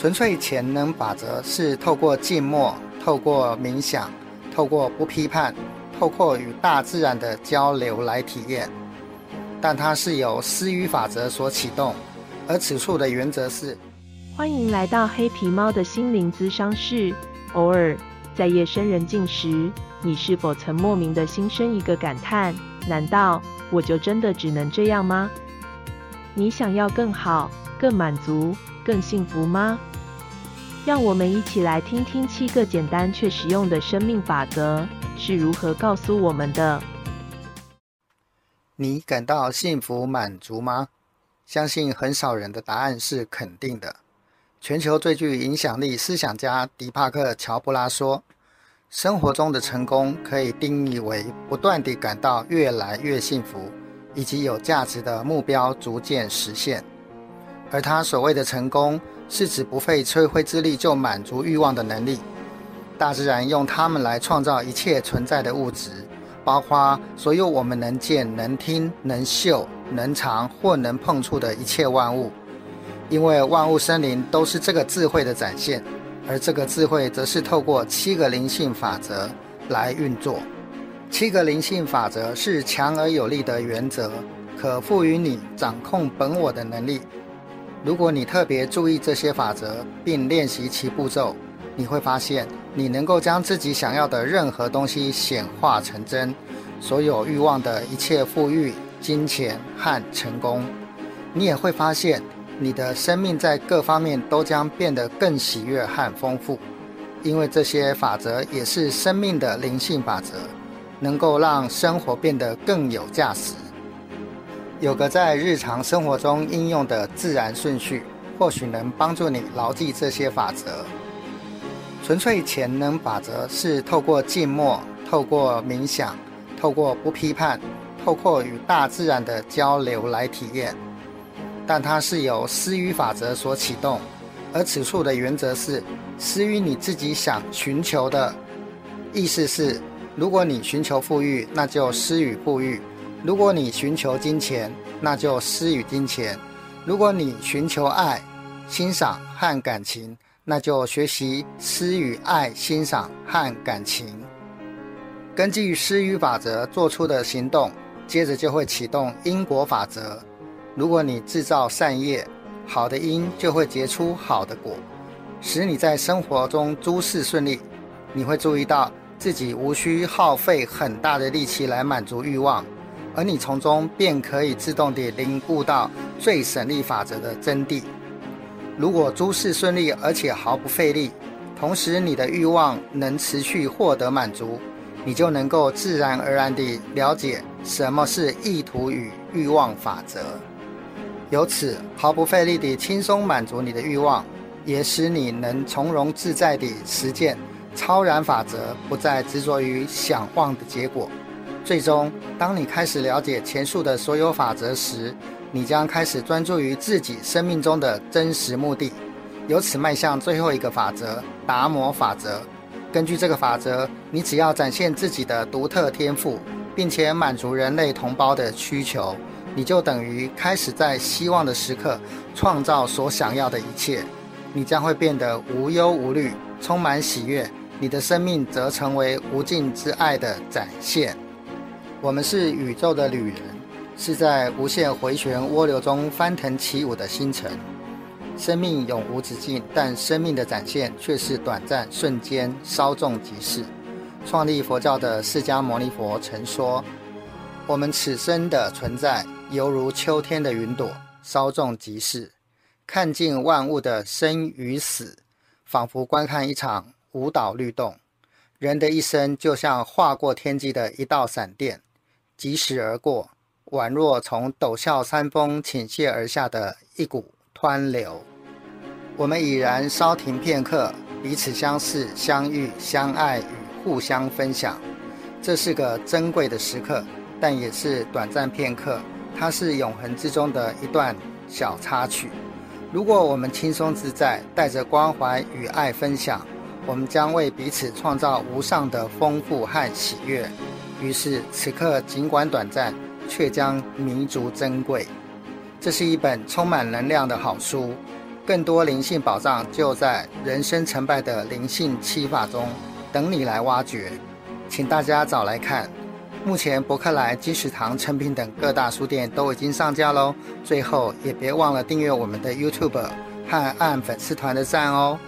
純粹潛能法則是透過靜默、透過冥想、透過不批判、透過與大自然的交流來體驗，但它是由施予法則所啟動。而此處的原則是：歡迎來到黑皮貓的心靈諮商室。偶爾在夜深人靜時，你是否曾莫名的心生一個感歎：難道我就真的只能這樣嗎？你想要更好、更滿足。更幸福嗎？讓我們一起來聽聽七個簡單卻實用的生命法則是如何告訴我們的。你感到幸福滿足嗎？相信很少人的答案是肯定的。全球最具影響力思想家狄帕克·喬布拉說：“生活中的成功可以定義為不斷地感到越來越幸福，以及有價值的目標逐漸實現。”而他所謂的成功，是指不費吹灰之力就滿足欲望的能力。大自然用它們來創造一切存在的物質，包括所有我們能見、能聽、能嗅、能嘗或能碰觸的一切萬物。因為萬物生靈都是這個智慧的展現，而這個智慧則是透過七個靈性法則來運作。七個靈性法則是強而有力的原則，可賦予你掌控本我的能力。如果你特別注意這些法則，並練習其步驟，你會發現你能夠將自己想要的任何東西顯化成真，所有欲望的一切富裕、金錢和成功。你也會發現你的生命在各方面都將變得更喜悅和豐富，因為這些法則也是生命的靈性法則，能夠讓生活變得更有價值。有個在日常生活中應用的自然順序，或許能幫助你牢記這些法則。純粹潛能法則是透過靜默、透過冥想、透過不批判、透過與大自然的交流來體驗，但它是由施予法則所啟動，而此處的原則是施予你自己想尋求的。意思是，如果你尋求富裕，那就施予富裕。如果你尋求金錢，那就施與金錢；如果你尋求愛、欣賞和感情，那就學習施與愛、欣賞和感情。根據施與法則做出的行動，接着就會啟動因果法則。如果你製造善業，好的因就會結出好的果，使你在生活中諸事順利。你會注意到自己無需耗費很大的力氣來滿足慾望。而你從中便可以自動地領悟到最省力法則的真諦。如果諸事順利，而且毫不費力，同時你的欲望能持續獲得滿足，你就能夠自然而然地了解什麼是意圖與欲望法則，由此毫不費力地輕鬆滿足你的欲望，也使你能從容自在地實踐超然法則，不再執着於想望的結果。最終，當你開始了解前述的所有法則時，你將開始專注於自己生命中的真實目的，由此邁向最後一個法則——達摩法則。根據這個法則，你只要展現自己的獨特天賦，並且滿足人類同胞的需求，你就等於開始在希望的時刻創造所想要的一切。你將會變得無憂無慮，充滿喜悅。你的生命則成為無盡之愛的展現。我們是宇宙的旅人，是在無限回旋渦流中翻騰起舞的星辰。生命永無止境，但生命的展現卻是短暫、瞬間、稍縱即逝。創立佛教的釋迦牟尼佛曾說：“我們此生的存在，猶如秋天的雲朵，稍縱即逝。看盡萬物的生與死，仿佛觀看一場舞蹈律動。人的一生，就像劃過天際的一道閃電。”疾馳而過，宛若從陡峭山峰傾瀉而下的一股湍流。我們已然稍停片刻，彼此相視、相遇、相愛與互相分享。這是個珍貴的時刻，但也是短暫片刻。它是永恆之中的一段小插曲。如果我們輕鬆自在，帶着關懷與愛分享，我們將為彼此創造無上的豐富和喜悅。於是，此刻儘管短暫，卻將彌足珍貴。這是一本充滿能量的好書，更多靈性寶藏就在人生成敗的靈性七法中，等你來挖掘。請大家早來看，目前博客來、金石堂、誠品等各大書店都已經上架嘍。最後，也別忘了訂閱我們的 YouTube 和按粉絲團的讚哦。